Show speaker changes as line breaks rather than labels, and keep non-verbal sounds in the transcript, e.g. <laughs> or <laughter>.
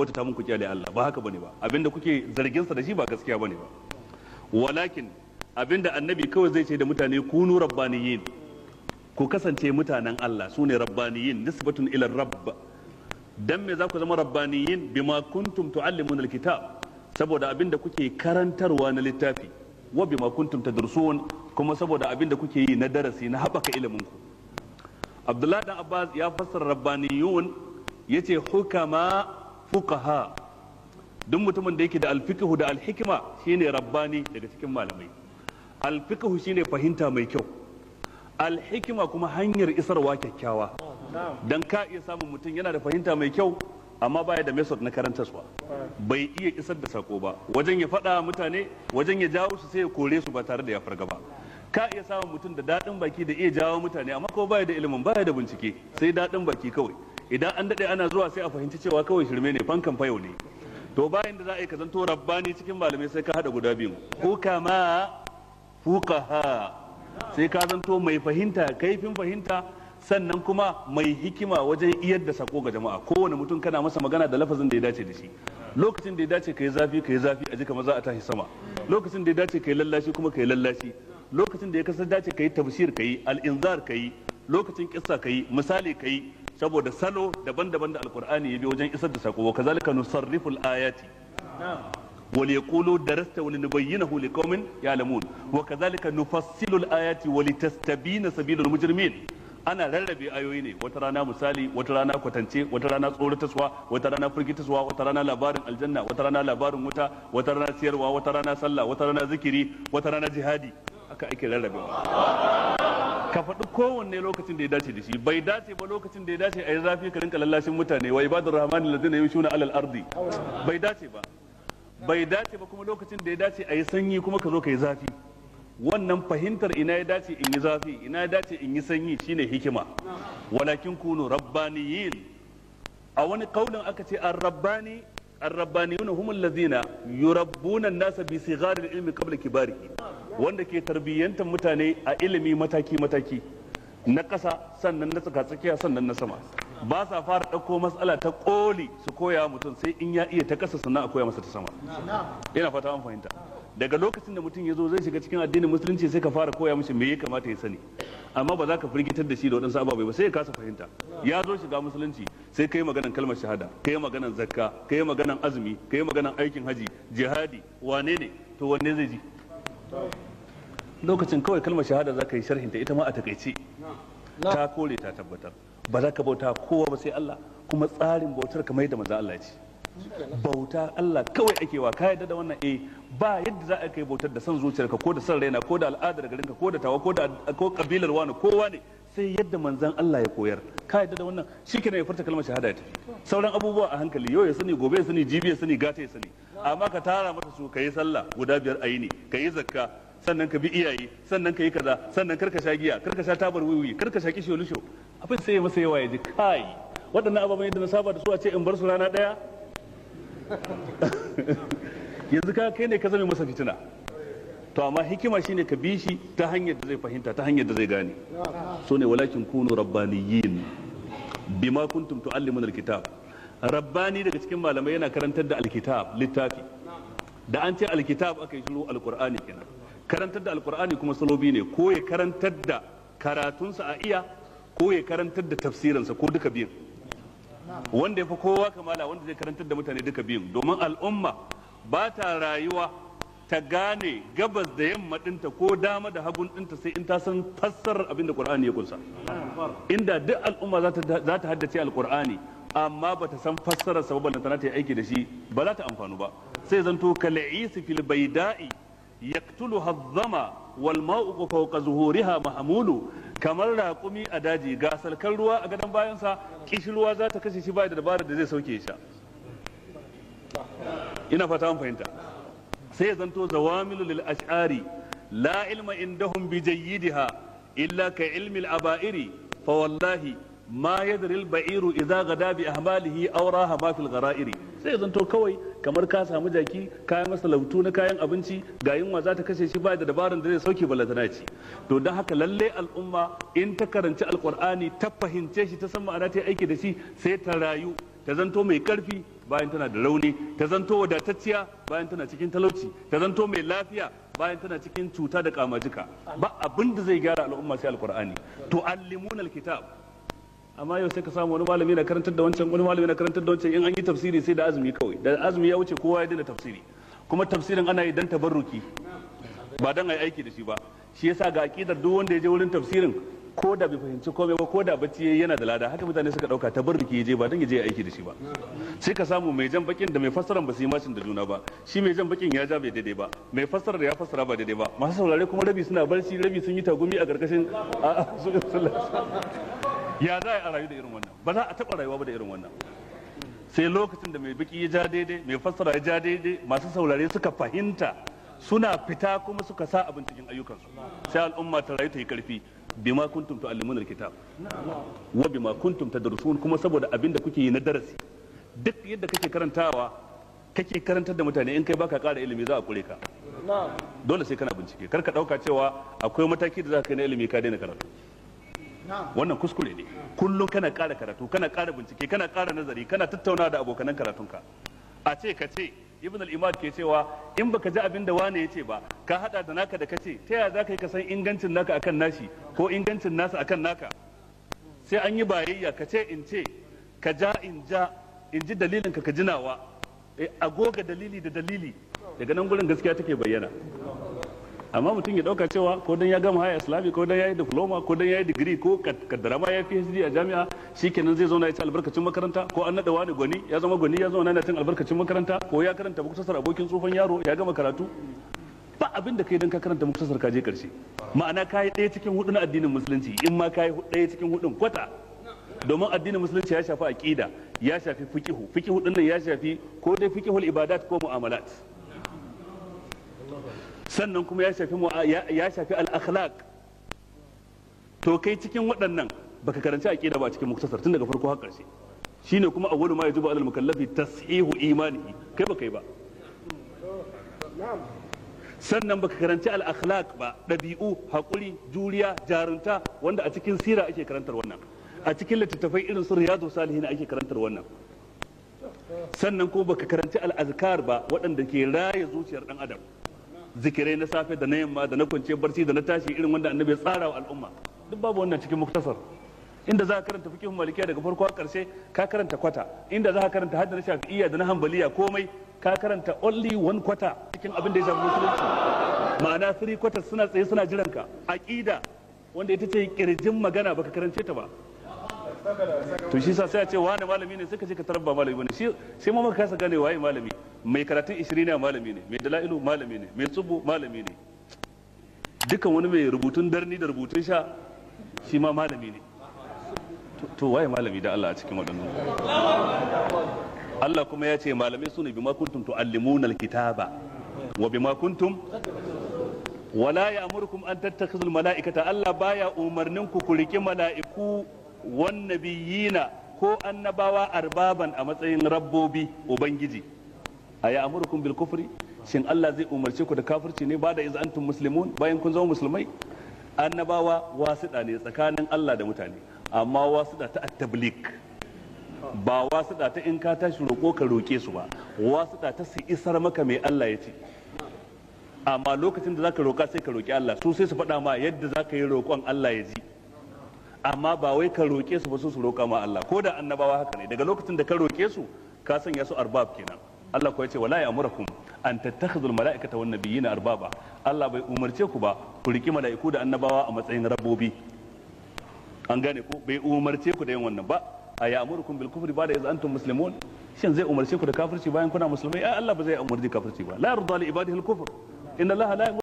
wata ta muku kyale Allah ba haka bane ba abinda kuke zargin sa da shi ba gaskiya bane ba walakin abinda annabi kawai zai ce da mutane kunu rabbaniyin ku kasance mutanen Allah sune rabbaniyin nisbatun ila rabb dan me za ku zama rabbaniyin bima kuntum tuallimuna alkitab saboda abinda kuke karantarwa na littafi wa bima kuntum tadrusun kuma saboda abinda kuke yi na darasi na habaka ilimin ku Abdullahi dan Abbas ya fassara rabbaniyun yace hukama fuqaha duk mutumin da yake da alfiqhu da alhikima shine rabbani daga cikin malamai alfiqhu shine fahimta mai kyau alhikima kuma hanyar isarwa kyakkyawa dan ka iya samun mutum yana da fahimta mai kyau amma baya da method na su bai iya isar da sako ba wajen ya faɗa mutane wajen ya jawo su sai ya kore su ba tare da ya farga ba ka iya samun mutum da daɗin baki da iya jawo mutane amma ko baya da ilimin baya da bincike sai daɗin baki kawai idan an daɗe ana zuwa sai a fahimci cewa kawai shirme ne fankan fayo ne to bayan da za a yi kazanto rabbani cikin malamai sai ka haɗa guda biyu fuka ha sai ka zanto mai fahimta kaifin fahimta sannan kuma mai hikima wajen iyar da sako ga jama'a kowane mutum kana masa magana da lafazin da ya dace da shi lokacin da ya dace ka yi zafi ka yi zafi a jika maza a tashi sama lokacin da ya dace ka yi lallashi kuma ka yi lallashi lokacin da ya kasar dace ka yi tafsir ka yi al'inzar ka yi lokacin kissa ka yi misali ka yi saboda salo daban-daban da alkur'ani ya bi wajen isar da sako wa kazalika nusarrifu al-ayati wal yaqulu darasta wal nubayyinahu liqaumin ya'lamun wa kazalika nufassilu al-ayati wa litastabina sabilul mujrimin ana rarrabe ayoyi ne wata rana misali wata rana kwatance wata rana tsorataswa wata rana firgitarwa, wata rana labarin aljanna wata rana labarin wuta wata rana siyarwa wata rana sallah wata rana zikiri wata rana jihadi haka ake rarrabewa ka faɗi kowanne lokacin da ya dace da shi bai dace ba lokacin da ya dace a yi zafi ka rinka lallashin mutane wa ibadur rahman allazina yamshuna alal ardi bai dace ba bai dace ba kuma lokacin da ya dace a yi sanyi kuma ka zo ka yi zafi wannan fahimtar ina ya dace in yi zafi ina ya dace in yi sanyi shine hikima walakin kunu rabbaniyin a wani kaulin aka ce an rabbani ar-rabbaniyuna humul ladzina yurabbuna an-nasa bi sighari al-ilmi qabla kibarihi wanda ke tarbiyyantar mutane a ilimi mataki-mataki na ƙasa sannan na tsakatsakiya sannan na sama ba sa fara ɗauko matsala ta ƙoli su koya mutum sai in ya iya ta ƙasa sannan a koya masa ta sama yana fata an fahimta daga lokacin da mutum ya zo zai shiga cikin addinin musulunci sai ka fara koya mishi me ya kamata ya sani amma ba za ka firgitar da shi da waɗansu ababai ba sai ya kasa fahimta ya zo shiga musulunci sai ka yi maganan kalmar shahada ka yi maganan zakka ka yi maganan azumi ka yi maganan aikin haji jihadi wane ne to wanne zai ji lokacin kawai kalmar shahada za ka yi sharhin ta ita ma a takaice ta kore ta tabbatar ba za ka bauta kowa ba sai Allah kuma tsarin bautar mai da maza Allah ce bauta Allah kawai ake wa kayan da wannan eh ba yadda za a kai bautar da san zuciyarka ko da san raina ko da al'adar garinka ko da tawa ko da kabilar wani kowa ne sai yadda manzan Allah ya koyar kayan da wannan shikenan ya furta kalmar shahada ta sauran abubuwa a hankali yau ya sani gobe ya sani jibi ya sani gata ya sani amma ka tara masa su ka yi sallah guda biyar yi ne ka yi zakka sannan ka bi iyaye sannan ka yi kaza sannan karka sha giya karka sha tabar wiwi karka sha kishiyo lusho abin sai ya masa yawa ya ji kai waɗannan ababen yadda na saba da su a ce in bar su rana ɗaya <laughs> yanzu ka kai ne ka zame masa fitina to amma hikima shine ka bi shi ta hanyar da zai fahimta ta hanyar da zai gane so ne walakin kunu rabbaniyin bima kuntum tu'allimun alkitab rabbani daga cikin malamai yana karantar da alkitab littafi da an ce alkitab aka yi shiru alqur'ani kenan karantar da alkur'ani kuma salobi ne ko ya karantar da karatunsa a iya ko ya karantar da tafsirinsa ko duka biyun wanda ya fi kowa kamala wanda zai karantar da mutane duka biyun domin al'umma ba ta rayuwa ta gane gabas da yamma dinta ko dama da hagun dinta sai in ta san fassarar abin da qur'ani ya kunsa inda duk al'umma za ta haddace alqur'ani amma ba ta san fassarar sababin da ta yi aiki da shi ba za ta amfanu ba sai zanto kal'isi fil baida'i yaktulu adh-dhama wal ma'u fawqa zuhuriha mahmulu kamar raƙumi a daji ga salkan ruwa a gadon bayansa kishi ruwa za ta kashe shi bai da dabarar da zai sauke shi ina fata an fahimta sai zanto zawamilu lil ash'ari la ilma indahum bi jayyidiha illa ka ilmi al-aba'iri fa wallahi ma yadril ba'iru idza gada bi ahmalihi aw raha ma fil Sai sai zanto kawai kamar ka samu jaki kayan masa lautu na kayan abinci ga yunwa za ta kashe shi ba da dabaran da zai sauke balatanaci to don haka lalle al'umma in ta karanci alkur'ani ta fahimce shi ta san ma'ana ta aiki da shi sai ta rayu ta zanto mai karfi bayan tana da rauni ta zanto wadatacciya bayan tana cikin talauci ta zanto mai lafiya bayan tana cikin cuta da kamajika ba abin da zai gyara al'umma sai alkur'ani to allimuna alkitab amma yau sai ka samu wani malami na karantar da wancan wani malami na karantar da wancan in an yi tafsiri sai da azumi kawai da azumi ya wuce kowa ya daina tafsiri kuma tafsirin ana yi dan tabarruki ba dan ai aiki da shi ba shi yasa ga akidar duk wanda ya je wurin tafsirin ko da bai fahimci komai ba ko da bacci yayi yana da lada haka mutane suka dauka tabarruki je ba dan ya je aiki da shi ba sai ka samu mai jan bakin da mai fassara ba su yi mashin da juna ba shi mai jan bakin ya ja bai daidai ba mai da ya fassara ba daidai ba masu saurare kuma rabi suna barci rabi sun yi tagumi a karkashin ya za a rayu da irin wannan ba za a taɓa rayuwa ba da irin wannan sai lokacin da mai biki ya ja daidai mai fassara ya ja daidai masu saurare suka fahimta suna fita kuma suka sa abin cikin ayyukansu sai al'umma ta rayu ta yi karfi bima kuntum tu'allimuna alkitab wa bima kuntum tadrusun kuma saboda abin da kuke yi na darasi duk yadda kake karantawa kake karantar da mutane in kai baka ƙara ilimi za a kure ka dole sai kana bincike kar ka dauka cewa akwai mataki da za ka kai na ilimi ka daina karatu wannan kuskure ne kullum kana ƙara karatu kana ƙara bincike kana ƙara nazari kana tattauna da abokanan karatunka a ce ka ce ibn al-imad ke cewa in baka ji abin da wane ya ce ba ka hada da naka da kace ta yaya zaka yi ka san ingancin naka akan nashi ko ingancin nasa akan naka sai an yi bayayya ka ce in ce ka ja in ja in ji dalilin ka ka jinawa eh, a goga dalili da dalili daga nan gurin gaskiya take bayyana amma mutum ya dauka cewa ko dan ya gama haya islami ko dan ya yi diploma ko dan ya yi digiri ko kaddara ma ya yi phd a jami'a shikenan zai zauna ya ci albarkacin makaranta ko an nada wani gwani ya zama gwani ya zauna yana cin albarkacin makaranta ko ya karanta muktasar abokin tsufan yaro ya gama karatu ba abin da kai dan ka karanta muktasar ka je karshe ma'ana ka yi ɗaya cikin hudu na addinin musulunci in ma ka yi ɗaya cikin hudun kwata domin addinin musulunci ya shafi aqida ya shafi fiqihu fiqihu dinnan ya shafi ko dai fiqihul ibadat ko mu'amalat sannan kuma ya shafi ya shafi al-akhlaq to kai cikin waɗannan baka karanci aqida ba cikin muktasar tun daga farko har ƙarshe shine kuma awwalu ma yajibu alal mukallafi tashihu imanihi kai baka yi ba sannan baka karanci al-akhlaq ba dabi'u haƙuri, juriya jarunta wanda a cikin sira ake karantar wannan a cikin littattafai irin su riyadu salihin ake karantar wannan sannan kuma baka karanci al-azkar ba waɗanda ke raya zuciyar dan adam zikirai na safe da na yamma da na kwance barci da na tashi irin wanda annabi ya tsara wa al'umma duk babu wannan cikin muktasar inda za ka karanta fikihun malikiya daga farko a karshe ka karanta kwata inda za ka karanta hadda na shafi'iyya da na hanbaliya komai ka karanta only one kwata cikin abin da ya shafi musulunci ma'ana three kwata suna tsaye suna jiran ka aqida wanda ita ce kirjin magana baka karance ta ba to shi sa sai a ce wani malami ne ka ce ka tarba malami ne sai mu muka kasa gane waye malami mai karatun ishirina malami ne mai dala'ilu malami ne mai tsubu malami ne Dukkan wani mai rubutun darni da rubutun sha shi ma malami ne to waye malami da Allah a cikin waɗannan Allah kuma ya ce malamai su ne bima kuntum tu'allimuna kitaba. wa bima kuntum wala ya'murukum an tattakhizul mala'ikata Allah baya umarnin ku kuriki mala'iku wan nabiyina ko annabawa arbaban a matsayin rabbobi ubangiji a ya amurkum shin Allah zai umarci ku da kafirci ne ba da iz antum muslimun bayan kun zama musulmai annabawa wasuɗa ne tsakanin Allah da mutane amma wasuɗa ta at ba wasuɗa ta in ka tashi roƙo ka roƙe su ba wasuɗa ta su isar maka mai Allah ya ce amma lokacin da zaka roƙa sai ka roƙi Allah su sai su faɗa ma yadda za ka yi roƙon Allah ya ji amma ba wai ka roƙe su ba su su roƙa ma Allah ko da annabawa haka ne daga lokacin da ka roƙe su ka sanya su arbab kenan Allah ya ce wala ya ya'murukum an tattakhidul mala'ikata wan nabiyina arbaba Allah bai umarce ku ba ku riki mala'iku da annabawa a matsayin rabbobi an gane ko bai umarce ku da yin wannan ba a ya'murukum bil kufri ba da iz antum muslimun shin zai umarce ku da kafirci bayan kuna musulmai ai Allah ba zai umarci kafirci ba la yarda li ibadihi al kufr inna Allah la